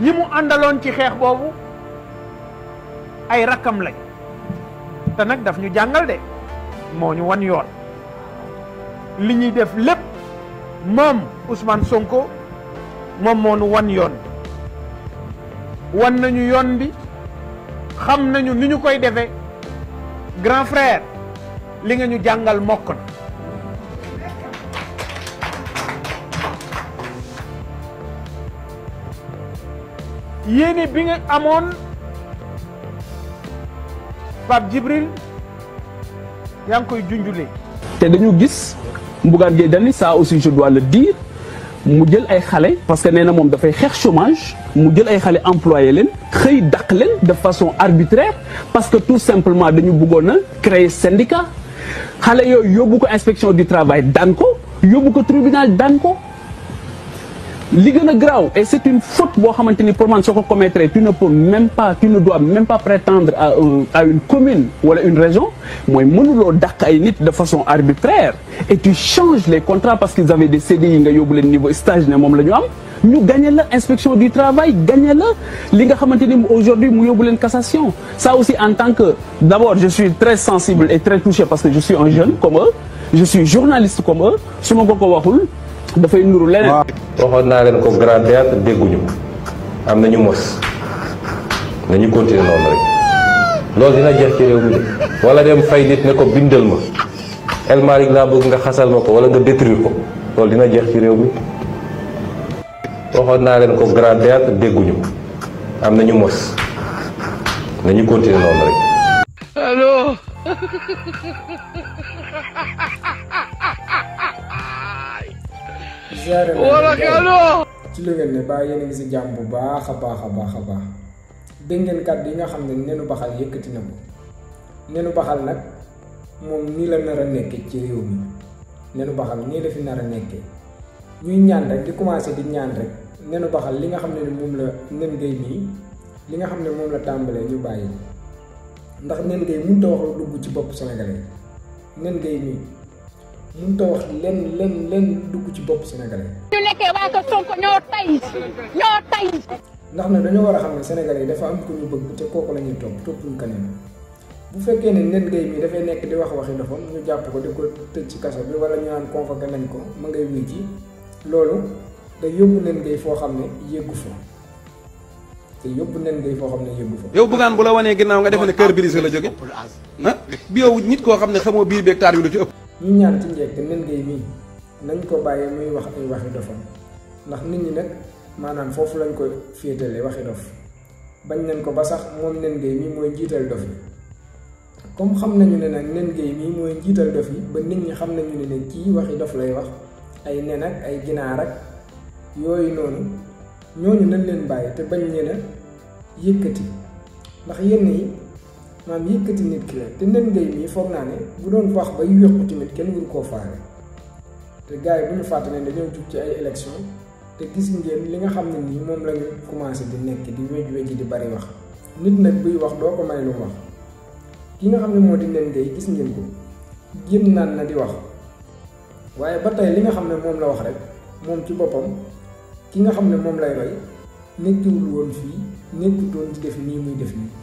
ñi mu àndaloon ci xeex boobu ay rakkam lañ te nag daf ñu jàngal de moo ñu wan yoon li ñuy def lépp moom Ousmane Sonko moom moo ñu wan yoon wan nañu yoon bi xam nañu ni ñu koy defee grand frère li nga ñu jàngal mokk na yéene bi nga amoon Pape Djibril yaa ngi koy junjulee. te dañu gis Bougane Gueye Dany ça aussi je dois le dire mu jël ay xale parce que nee na moom dafay xeex chômage mu jël ay xale employé leen xëy dàq leen de façon arbitraire parce que tout simplement dañu bëggoon a créer syndicat xale yooyu yóbbu ko inspection du travail daan ko yóbbu ko tribunal daan ko. li et c'est une faute pour moi de pour que je commettre tu ne peux même pas tu ne dois même pas prétendre à une commune ou à une région Moi, mënuloo dàq ay de façon arbitraire et tu changes les contrats parce qu'ils avaient des CDI nga yóbbu niveau stage ne moom la ñu am ñu gagné du travail gagné la li nga aujourd'hui Nous avons une cassation ça aussi en tant que d'abord je suis très sensible et très touché parce que je suis un jeune comme eux je suis journaliste comme eux suis un ko waxul dafay nuru leneen. waxoon naa leen ko grand théâtre dégguñu am nañu mos nañu continuer noonu loolu dina jeex ci réew mi wala dem fay nit ne ko bindal ma El Malick laa bëgg nga xasal ma ko wala nga détruire ko dina jeex réew mi naa leen ko grand théâtre nañu mos nañu continuer noonu rek. allo. ziare wala kano ci lu ngeen ne bàyyi yéen a ngi si jàmm bu baax a baax a ngeen kàddu yi nga xam ne nenu baxal yëkkati na ko nenu baxal nak moom nii la nar a ci mi nenu baxal nii la fi nar a ñuy ñaan rek di commencé di ñaan rek nenu baxal li nga xam ne la nen ngay nii li nga xam ne la tàmbalee ñu ndax wax lu dugg ci sénégalais mënut a wax lenn lenn lenn dugg ci bopp Sénégalais yi. ñu nekkee waa kër Sonko ñoo tay ñoo tay. ndax nag dañoo war a xam ne Sénégalais yi dafa am ku ñu bëgg te kooku la ñuy topp toppuñu kanam bu fekkee ne Net Gaye mi dafay nekk di wax waxi doxam ñu jàpp ko di ko tëj ci kaso bi wala ñu naan convoqué nañ ko ma ngay wuy ji loolu te yóbbu Net Gaye foo xam ne yëggu fa te yóbbu Net Gaye foo xam ne yëggu fa. yow bugaan bu la wanee ginnaaw nga defe ne cœur brisé la jóge ah bi yow koo xam ne xamoo biir beeg taar yu la ci ëpp. ñu ñaan ci njëkk nen ngay mii nañ ko bàyyi muy wax ay waxi dofam ndax nit ñi nag maanaam foofu lañ ko féetale waxi dof bañ nañ ko ba sax moom nen ngay mii mooy jiital dof yi comme xam nañu ne nag nen ngay mooy jiital dof yi ba nit ñi xam nañu ne ne kii waxi dof lay wax ay nen ak ay ginaar ak yooyu noonu ñooñu nañ leen bàyyi te bañ leen a yëkkati ndax yenn yi maam yëkkati nit ki la te nen ngay mii foog naa ne bu doon wax bay wéqu tamit kenn waru koo faale te gars yi bu ñu fàttali ne dañoo jug ci ay élection te gis ngéen li nga xam ne nii moom lañu commencé di nekk di wej weji di bari wax nit nag buy wax doo ko may lu wax nga xam ne moo di nen ngay gis ngeen ko génn naan na di wax waaye ba tey li nga xam ne moom la wax rek moom ci boppam ki nga xam ne moom lay roy nekkiwul woon fii doon di def nii muy def nii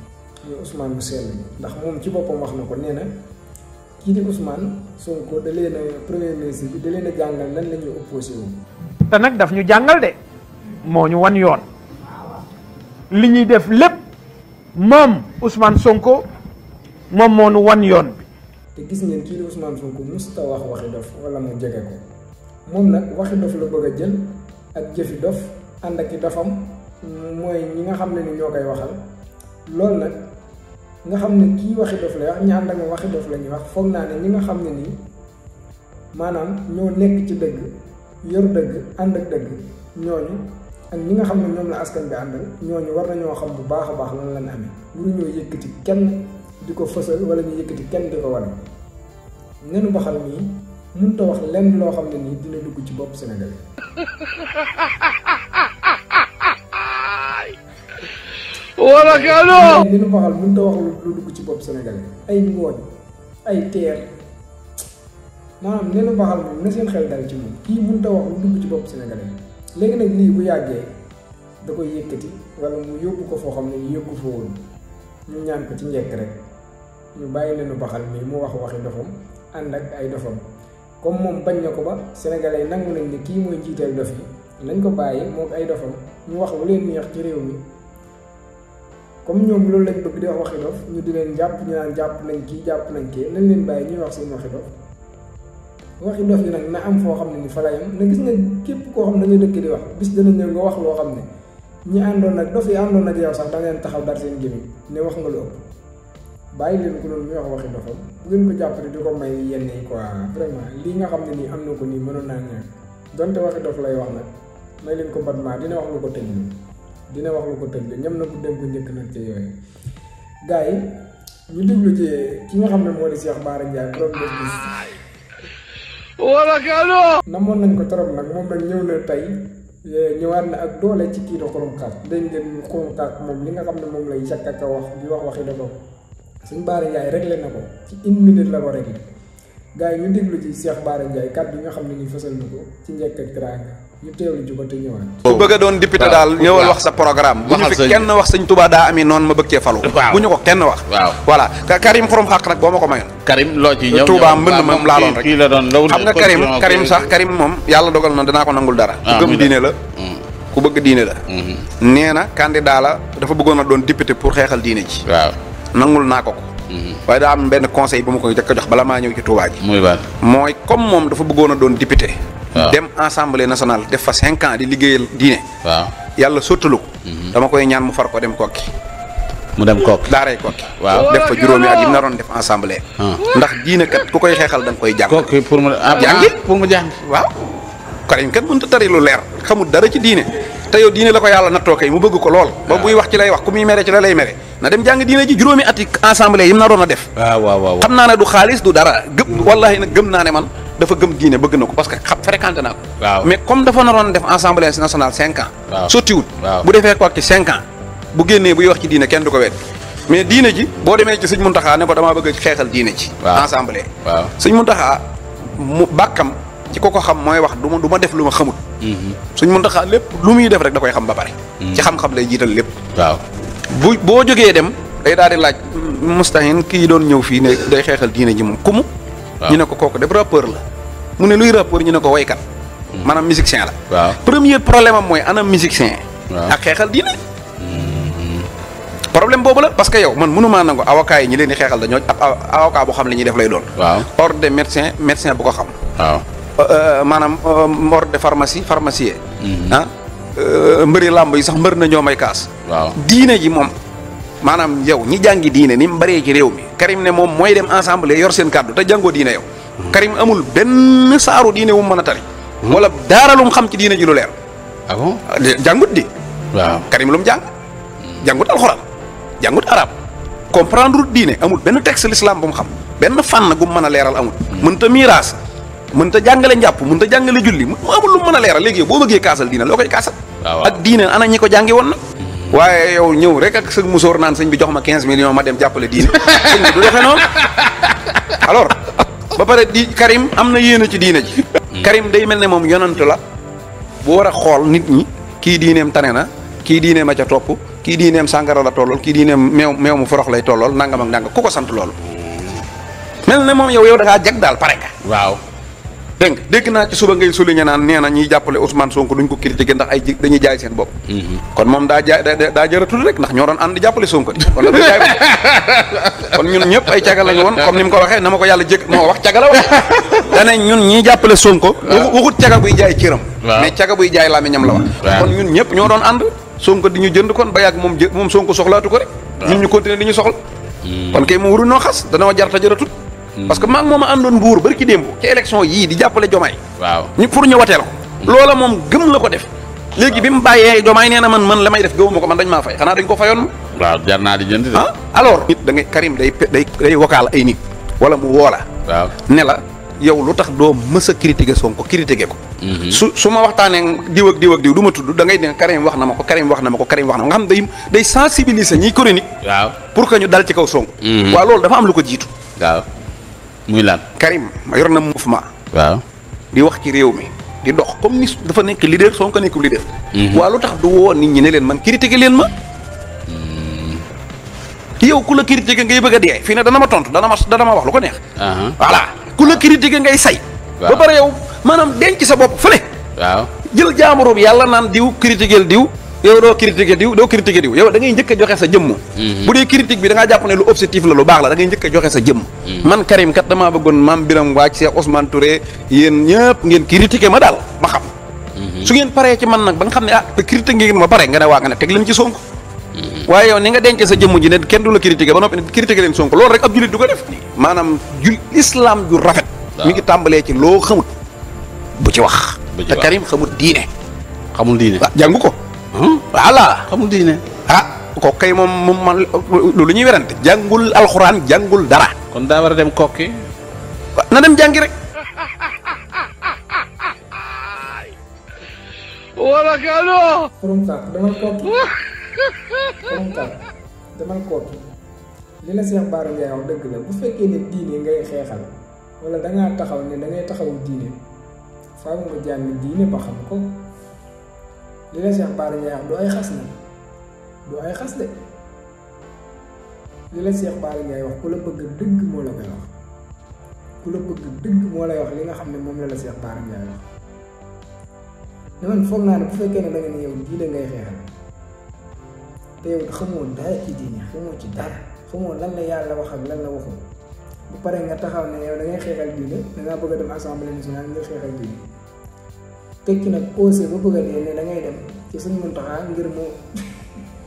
Ousmane Moussel ndax mom ci bopam wax nako neena ki di Ousmane Sonko da leen a premier ministre bi da leena jangal nan lañu opposé wu. ta nak daf ñu jangal de moo ñu wan yoon li ñi def lepp mom Ousmane Sonko mom moo ñu wan yoon bi. te gis ngeen ki di Ousmane Sonko musta wax waxi dof wala mo jégué ko mom nak waxi dof la bëgg jël ak jëfi dof ànd ak i dofam ñi nga xam ni waxal lool nak nga xam ne kii waxi dof la wax ñaan da nga waxi dof la ñuy wax foog naa ne ñi nga xam ne nii maanaam ñoo nekk ci dëgg yor dëgg ànd ak dëgg ñooñu ak ñi nga xam ne ñoom la askan bi àndal ñooñu war nañoo xam bu baax a baax lan lañ amee waruñoo yëkkati kenn di ko fësal wala ñu yëkkati kenn di ko wane nenu baxal nii mënut a wax lenn loo xam ne nii dina dugg ci bopp Sénégal wala Kano. li ñu waxal mënut a wax lu dugg ci bopp Sénégalais ay ngooñ ay teer maanaam ne lu baaxal moom na seen xel dal ci moom kii mënut a wax lu dugg ci bopp Sénégalais léegi nag lii bu yàggee da koy yëkkati wala mu ko foo xam ne ñu yóbbu foo ñu ñaan ci njekk rek ñu bàyyi leen lu baaxal mais mu wax waxi ànd ak ay dofam comme moom bañ na ko ba sénégalais nangu nañ ne kii mooy jiiteel dof yi nañ ko bàyyi moog ay dofam ñu wax lu leen neex ci réew mi. comme ñoom loolu lañ bëgg di wax waxi dof ñu di leen jàpp ñu naan jàpp nañ kii jàpp nañ kii nañ leen bàyyi ñuy wax seen waxi dof waxi dof yi nag na am foo xam ne ni fa la yem na képp koo xam ne dañoo dëkk di wax bis dana ñëw nga wax loo xam ne ñi àndoon nag dof yi àndoon nag yow sax da leen taxaw dar seen gémmiñ ne wax nga lu ëpp bàyyi leen ko loolu muy wax waxi dofam bu ngeen ko jàppale di ko may yenn yi quoi vraiment lii nga xam ne nii am na ko nii mënoon naa ñëw donte waxi dof lay wax nag may leen ko batmaa dina wax nga ko tëj dina wax lu ko tënk ñam na ko dem ko njëkk nag ci yooyu gars yi ñu déglu ci ki nga xam ne moo di Cheikh Bara Ndiaye borom def gis wala kano namoon nañ ko torop nag moom nag ñëw na tey eh, ñëwaat na ak doole ci kii da xorom xaat dañ ngeen xorom xaat moom li nga xam ne moom lay yàkk ak wax di wax waxi dafa ko suñ Bara Ndiaye réglé na ko ci une minute la ko réglé gars yi ñu déglu ci Cheikh Bara Ndiaye kàddu yi nga xam ne ñu fësal na ko ci njëkk ak teraanga ñu teewlu jubante ñëwaat. ku bëgg a doon député daal ñëwal wax sa programme. bu ñu fi kenn wax sëñ Touba daa amee noonu ma bëgg falu. bu ñu ko kenn wax. waaw Karim Xurum Xaq nag boo ma ko mayoon. Karim loo moom laa doon rek xam nga Karim Karim sax Karim moom yàlla dogal na danaa ko nangul dara. Ah, ku gëm diine la. Mm. ku bëgg diine la. Mm-hmm. nee na candidat la dafa bëggoon a doon député pour xeexal diine ji. waaw nangul naa ko ko Mhm. waaye daa am benn conseil bu ma koy jëkk a jox bala maa ñëw ci Touba ji. mooy comme moom dafa bëggoon doon député. dem assemblée national def fa cinq ans di liggéeyal diine. yàlla sottalu ko. Mhm. dama koy ñaan mu far ko dem kokki mu dem kokki daaray kokki waaw def fa juróomi at yi mu naroon def assemblée. Ah. ndax diine kat ku koy xeexal da koy jàng. kokki pour mu ah, jàngi ah, pour waaw. Karim kat mënut a tari lu leer xamul dara ci diine te yow diine la ko yàlla nattoo kay mu bëgg ko lool. ba wax ci lay wax ku muy mere lay mere. na dem jang diine ji juróomi ati assemblée yim na a def wa wa wa xam na ne du khalis du dara gëm wallahi na gëm naa ne man dafa gëm diine bëgg nako parce que xam fréquenté nako ko mais comme dafa naroon def assemblée nationale 5 ans wut bu defé ko ak 5 ans bu génné bu wax ci diine kenn du ko wet mais diine ji bo démé ci seigne muntaha ne ko dama bëgg xéxal diine ci assemblée waaw sëñ Muntaxa mu ci koko xam moy wax duma duma def luma xamut hmm Muntaxa muntaha lepp lumuy def rek da koy xam ba bari mhm. ci xam-xam lay jital lepp waaw bu boo jógee dem day daal di laaj mustahin kii doon ñëw fii ne day xeexal diine ji moom kumu ñu ne ko kooku def rappeur la mu ne luy rappeur ñu ne ko waykat hmm. maanaam musicien la waaw premier problème am mooy ana musicien ak xeexal diine hmm. problème boobu la parce que yow man mënumaa nangu avocat yi ñi leen di xeexal dañoo ab avocat xam li ñuy def lay doon ordre de médecin médecin bu ko xam waaw euh, euh, maanaam euh, ordre de pharmacie pharmacien hmm. ah Eh, mbëri lamb yi sax mbeur na ñoo kaas. waaw diine ji mom manam yow ñi jangi diine ni mu ci rew mi Karim ne mom moy dem ensemble yor seen kaddu ta jango diine yow. Karim amul ben saaru diine wu mu tari. wala daara lu xam ci diine ji lu leer. ah bon ah, jangut di. waaw Karim lu jang jangut alcorane jangut arab comprendre diine amul ben texte l'islam bu mu xam ben fan gu mu leral amul. mën ta mirage mën ta jangale njàpp mën ta jangale julli amul lu mu leral a bo beugé kassal diine ak diine ana ñi ko jàngi woon waaye yow ñëw rek ak sa musóor naan sëñ bi jox ma 15 millions ma dem jàppale diine sëñ bi du defee noonu alors ba pare di karim am na yéene ci diine ji hmm. karim day mel ne moom yonant la bu war a xool nit ñi kii diineem tane na kii diineem a ca topp kii diineem sàngara la tollol kii diineem meew meew mu forox lay tollol nangam ak nangam ku ko sant loolu hmm. mel ne moom yow yow da ngaa jag daal pare ka waaw dégg nga naa ci suba ngay souligné naan nee na jàppale Ousmane Sonko duñ ko critiqué ndax ay dañuy jaay seen bopp. Mm-hmm. kon moom daa jaay daa jëratul rek ndax ñoo doon ànd di la jaay kon ñun ñëpp ko waxee na ma ko moo wax caga la wax dane ñun ñiy jàppale Sonko. waxut caga buy jaay cëram. mais caga buy jaay làmmiñam la wax. kon ñun ñëpp ñoo doon ànd Sonko di ñu jënd kon ba yàgg moom jë moom Sonko soxlaatu ko rek. ñun ñu continuer di ñu soxla. Mm. kon kay mu waruñoo xas danoo jarta jëratut Hmm. parce que mak moma andone àndoon nguur bari ki ci election yi di jappale jomay waaw ñu pour ñu waté ko loola moom gëm la ko def légui bimu bayé jomay néna man man lamay def gëwuma ko man dañ ma fay xana dañ ko fayon waaw jarna di jënd de ah, alors nit da ngay Karim day day day vocal ay nit wala mu wola waaw ne la yow lutax do doo mës a critiquer critiquer ko hmm. suma waxtane diw ak diw ak diw duma tudd da ngay ne Karim wax na mako Karim wax na mako Karim wax na nga xam day day sensibiliser ñi chronique waaw pour que ñu dal ci kaw son hmm. waaw loolu dafa am lu ko jitu waaw muy lan Karim yor na mouvement. waaw di wax ci réew mi. di dox comme ni dafa nekk leader Sonko nekkul leader. Mhm. waa lu tax du woo nit ñi ne leen man critiqué leen ma. Hmm. yow ku la critiqué ngay bëgg a dee fii ne dana ma tontu dana ma dana ma wax lu ko neex. voilà ku la critiqué ngay say. ba pare yow maanaam denc sa bopp fële. waaw jël jaamuroom yàlla naan diw critiqué diw. yow do critiquer diw do critiquer diw yow da ngay ñëk a joxe sa jëm mhm. bu dee critique bi da nga japp né lu objectif la lu baax la da ngay ñëk a joxe sa jëm mhm. man Karim kat dama bëggon mam Biram Waaj Cheikh Ousmane Touré yeen ñëpp ngeen critiquer ma dal ma xam mhm. su ngeen paré ci man nak ba nga xam ne ah te critique ngeen ma paré nga né wa nga tek teg ci Sonko waye yow ni nga denc sa jëm ji né kenn du la critiquer ba nopi critiquer leen Sonko lool rek ab julit du ko def manam jul islam ju rafet mi ngi tambalé ci lo xamut bu ci wax te Karim xamul diiné xamul ah, diiné jàngu Hmm? ala di diine ah kokkay moom moom man loolu ñuy werante janggul Al Quran, dara kon daa war dem kokki na dem jàngi rek wala kano kurumtak demal kootu kopi. li la seex baara ngay wax dëgg la bu fekkee ne diine ngay xeexal wala da ngaa taxaw ne da ngay taxaw diine faaw nga jàng diine ba xam ko li leen Cheikh Bara Ndiaye wax du ay xas na du ay xas de li leen Cheikh Bara Ndiaye wax ku la bëgg dëgg moo la koy wax ku la bëgg dëgg moo lay wax li nga xam ne moom la la Cheikh Bara Ndiaye wax ne foog naa ne bu fekkee ne da nga ne yow diine ngay xeexal te yow xamoo dara ci diine xamoo ci dara xamoo lan la yàlla wax ak lan la waxul bu pare nga taxaw ne yow da ngay xeexal diine da ngaa bëgg a dem assemblée nationale nga xeexal diine. tekki nag osé eh, ba bëgg dee ne da dem ci suñu muntaxaa ngir mu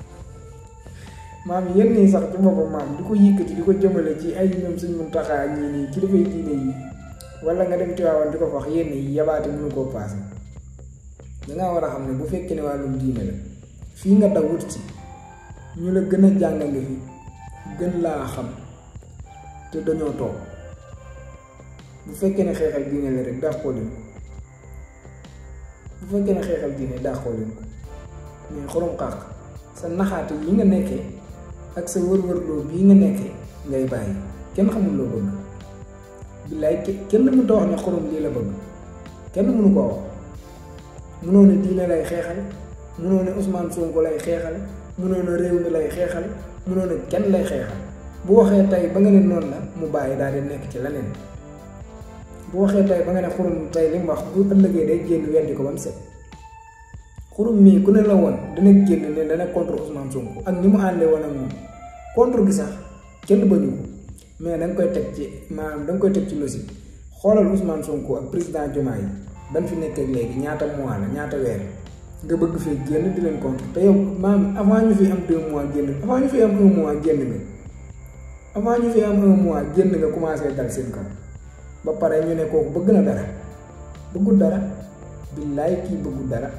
maam yenn sax ci ko maam di ko yëkkati di ko jëmale ci ay ñoom suñu muntaxaa ñii nii ci dafay diine yi wala nga dem Tiwaawan di ko wax yenn yi yabaate ñu koo paase dangaa war a xam ne bu fekkee ne wàllum diine la fii nga daw wut ci ñu la gën a jàngale fi gën laa xam te dañoo toog bu fekkee ne xeexal diine la rek dàqoo leen bu fa gën a xeexal diine daaxoo leen ko mais xorom xàq sa naxaate yi nga nekkee ak sa wër-wërloo bii nga nekkee ngay bàyyi kenn xamul loo bëgg billaay kenn mënut a wax xorom lii la bëgg kenn mënu ko wax mënoo ne diine lay xeexal mënoo ne Ousmane Sonko lay xeexal mënoo ne réew mi lay xeexal mënoo ne kenn lay xeexal bu waxee tey ba nga ne noonu la mu bàyyi daal di nekk ci leneen. bu waxee tey ba nga ne xurum tey li mu wax bu na ëllëgee day génn weddi ko ba mu set xurum mii ku ne la woon dana génn ne dana contre Ousmane Sonko ak ni mu àndee woon ak moom contre gi sax kenn ba ñu mais da koy teg ci maanaam da nga koy teg ci logique xoolal Ousmane Sonko ak président Diomaye yi ban fi nekk léegi ñaata mois ñaata weer nga bëgg fee génn bi leen contre te yow maanaam avant ñu fi am deux mois génn avant ñu fi am un mois génn nga avant ñu fi am un mois génn nga commencé dal seen kaw. ba pare ñu ne kooku bëgg na dara bëggul dara billaay kii bëggul dara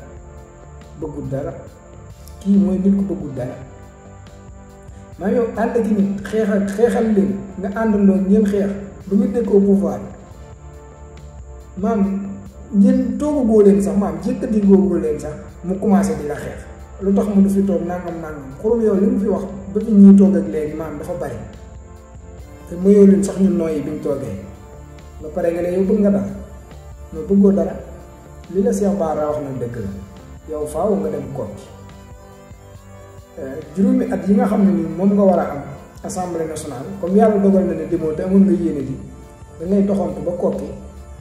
bëggul dara kii mooy nit ku bëggul dara maa yow ànd ak nit xeexal xeexal leen nga àndandoo ngeen xeex bu ñu nekk au pouvoir maam ngeen toogagoo leen sax maam di jëkkati googoo leen sax mu commencé di la xeex lu tax mu du fi toog nangam nangam xorom yow li mu fi wax ba fi ñuy toog ak léegi maam dafa bari te mu yow leen sax ñu nooyi biñ ñu toogee ba pare nga ne yow bëgg nga dara mais bëggoo dara li la Cheikh Bara wax na dëgg la yow faaw nga dem Kokki euh, juróomi at yi nga xam ne nii moom nga war a am assemblée nationale comme yàlla dogal na ne demoo te amoon nga yéene ji da ngay doxantu ba Kokki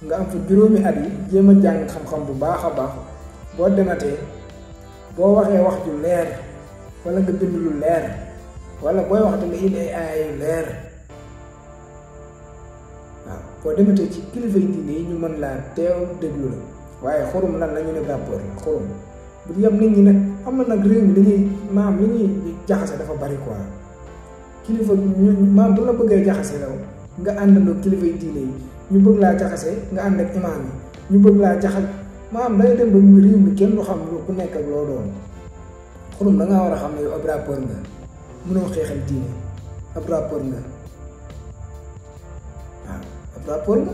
nga am fa juróomi at yi jéem a jàng xam-xam bu baax a baax boo dematee boo waxee wax ju leer wala nga bind lu leer walla booy wax te nga indi ay aaya yu leer. boo dematee ci kilifa yi diine yi ñu mën laa teew déglu la waaye xurum lan la ñu ne rapport la xurum bu yem am na nag réew mi li dafa bari quoi kilifa ñu la bëggee jaxase law nga àndandoo kilifa yi diine ñu bëgg laa jaxase nga ànd ak imaam ñu bëgg laa jaxal maam day dem ba réew xam lu ku nekk loo doon xurum da war a xam ne yow ab rapport nga mënoo xeexal diine ab rapport nga. rapport nga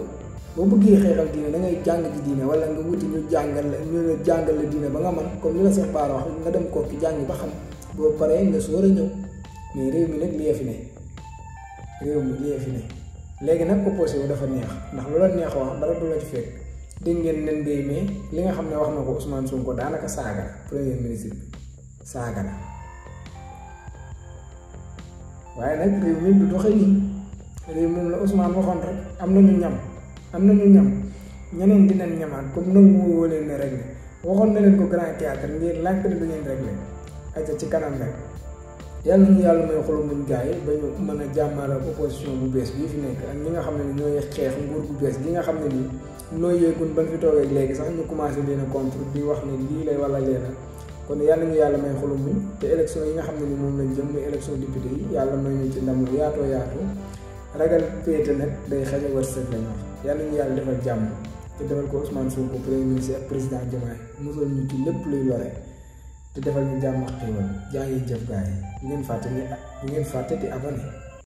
boo bëggee xeexal diine da ngay jàng ci diine wala nga wuti ñu jàngal la ñu la jàngal la diine ba nga man comme li la Cheikh Bara wax nga dem kooku jàng ba xam boo paree nga soo a ñëw mais réew mi nag lii fi ne léegi nag opposé wu dafa neex ndax neex wax dara du la ci ngeen nen day mais li nga xam ne wax na ko Ousmane Sonko daanaka saaga la premier ministre bi saaga la waaye nag réew mi du doxee nii lii moom la Ousmane waxoon rek am na nañu ñam am nañu ñam ñeneen dinañ ñamaat comme nangu woo leen ne réglé waxoon na leen ko grand théâtre ngir lànk ne du ngeen réglé aja ci kanam rek yàlla ñu yàlla may xolu muñ gars yi mën a jàmmaar ak opposition bu bees bii fi nekk ak nga xam ne ñooy xeex nguur bu bees gi nga xam ne nii nooy yeegun ban fi toogee léegi sax ñu commencé leen a contre di wax ne lii lay wala leen kon yàlla ñu yàlla may xolu muñ te élection yi nga xam ne ni moom lañ jëm muy élection député yi yàlla may ñu ci ndam lu yaatoo yaatoo ragal féete nag day xañ a wërsëg lañ wax yàlla ñu yàlla defal jàmm te defal ko Ousmane Sonko premier ministre ak président Diomaye musal ñu ci lépp luy lore te defal ñu jàmm ak xéewal jaa ngeen jëf gars yi ngeen fàtte ni ngeen fàtte di abonné